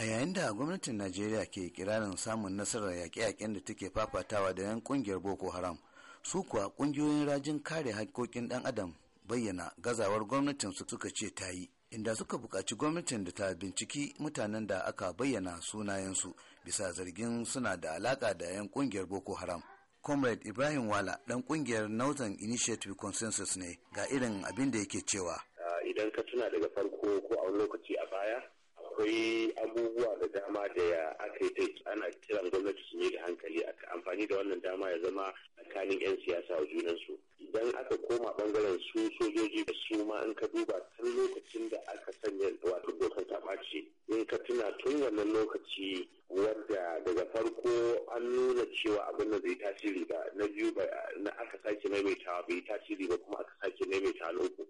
a yayin da gwamnatin najeriya ke kirarin samun nasarar yaƙe-yaƙen da take fafatawa da 'yan ƙungiyar boko haram su kuwa ƙungiyoyin rajin kare haƙƙoƙin ɗan adam bayyana gazawar gwamnatin su suka ce ta yi inda suka buƙaci gwamnatin da ta binciki mutanen da aka bayyana sunayensu bisa zargin suna da alaƙa da 'yan ƙungiyar boko haram comrade ibrahim wala ɗan ƙungiyar northern initiative consensus ne ga irin abin da yake cewa ah, idan ka tuna daga farko ko a lokaci a baya akwai abubuwa da dama da ya aka yi ana kiran gwamnati su yi da hankali a amfani da wannan dama ya zama tsakanin 'yan siyasa wa junansu idan aka koma bangaren su sojoji da su ma in ka duba tun lokacin da aka sanya wato dokar ta ɓace in ka tuna tun wannan lokaci wadda daga farko an nuna cewa abin da zai tasiri ba na biyu ba na aka sake maimaitawa bai tasiri ba kuma aka sake maimaitawa na uku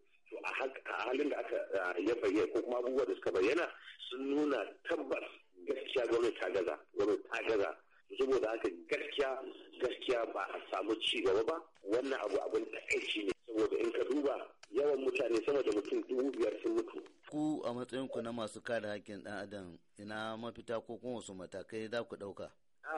a halin da aka ya bayyana ko kuma abubuwa da suka bayyana sun nuna tabbas gaskiya gwamnati ta gaza gwamnati ta gaza saboda haka gaskiya gaskiya ba a samu ci gaba ba wannan abu abin shi ne saboda in ka duba yawan mutane sama da mutum dubu biyar sun mutu ku a matsayinku na masu kare haƙƙin ɗan adam ina mafita ko kuma wasu matakai za ku ɗauka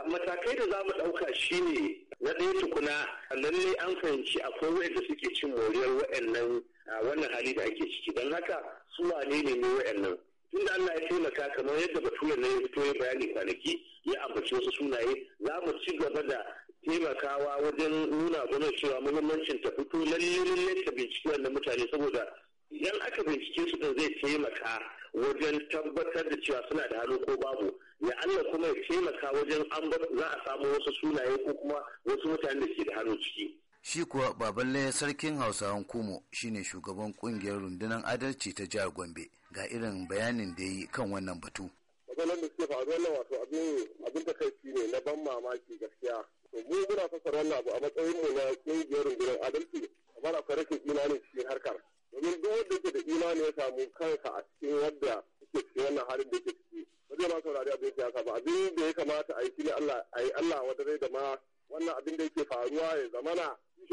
matakai da za mu ɗauka shine na ɗaya tukuna lalle an fahimci akwai wa'anda suke cin moriyar wa'annan A wannan hali da ake ciki don haka su wane ne ne wa'annan tunda Allah ya taimaka kamar yadda Bature na ya fito ya bayani kwanaki ya ambaci wasu sunaye za mu ci gaba da taimakawa wajen nuna gwamnati cewa muhimmancin ta fito lalle lalle ta bincike wannan mutane saboda idan aka bincike su din zai taimaka wajen tabbatar da cewa suna da hannu ko babu ya Allah kuma ya taimaka wajen an za a samu wasu sunaye ko kuma wasu mutane da ke da hannu ciki shi kuwa baballe sarkin hausawan kumo shine shugaban kungiyar rundunar adalci ta jihar gombe ga irin bayanin da yi kan wannan batu matsalar da suke faruwa na wato abin da kai ne na ban mamaki gaskiya mu muna fasar wannan abu a matsayin mu na kungiyar rundunar adalci amma akwai rashin imani cikin harkar domin duk wanda yake da imani ya samu kansa a cikin wadda yake cikin wannan halin da yake ciki ba zai ba saurari abin ka ba abin da ya kamata a yi shi ne Allah a yi Allah wadare da ma wannan abin da yake faruwa ya zamana shugaban kasar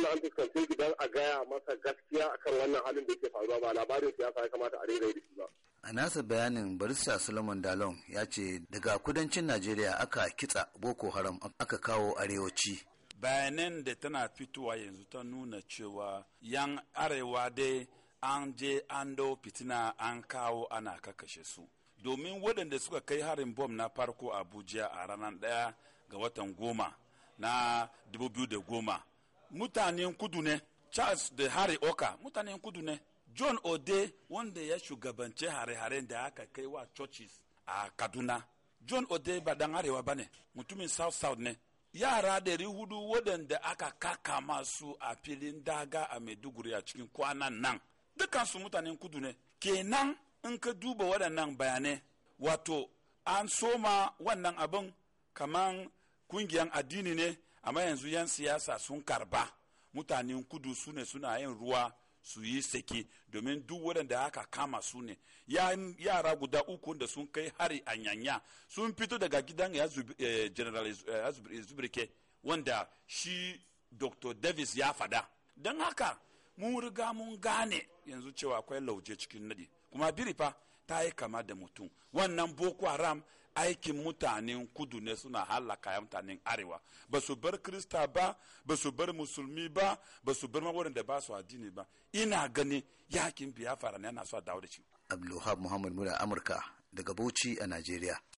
na an fuskance shi gidan a gaya masa gaskiya akan wannan halin da yake faruwa ba labarin siyasa ya kamata a rera da shi ba. A nasa bayanin barista Solomon Dalon ya ce daga kudancin Najeriya aka kitsa Boko Haram aka kawo arewaci. Bayanan da tana fitowa yanzu ta nuna cewa yan arewa dai an je an dau fitina an kawo ana kakashe su. Domin waɗanda suka kai harin bom na farko Abuja a ranar ɗaya ga watan goma na 2010 mutanen kudu ne charles da harry oka mutanen kudu ne john ode wanda ya shugabance hare hare da aka kai wa churches a kaduna john ode ba dan arewa ba ne mutumin south south ne yara ɗari hudu waɗanda aka kaka masu a filin daga a maiduguri a cikin kwanan nan dukansu mutanen kudu ne kenan in ka duba waɗannan bayanai wato an soma wannan abin kaman kungiyan addini ne amma yanzu yan siyasa sun karba mutanen kudu su ne suna yin ruwa su yi sake domin duk waɗanda aka kama su ne yara guda uku da sun kai hari a yanya sun fito daga gidan eh, general eh, zubirke wanda shi dr davis ya fada don haka mun riga mun gane yanzu cewa akwai lauje cikin nadi kuma birifa ta yi kama da mutum wannan boko haram aikin mutanen kudu ne suna halaka mutanen arewa ba su bar krista ba ba su bar musulmi ba ba su bar mawarin da ba su addini ba ina gani yakin fara ne yana so a dawo da shi abdulhab muhammad mura amurka daga bauchi a najeriya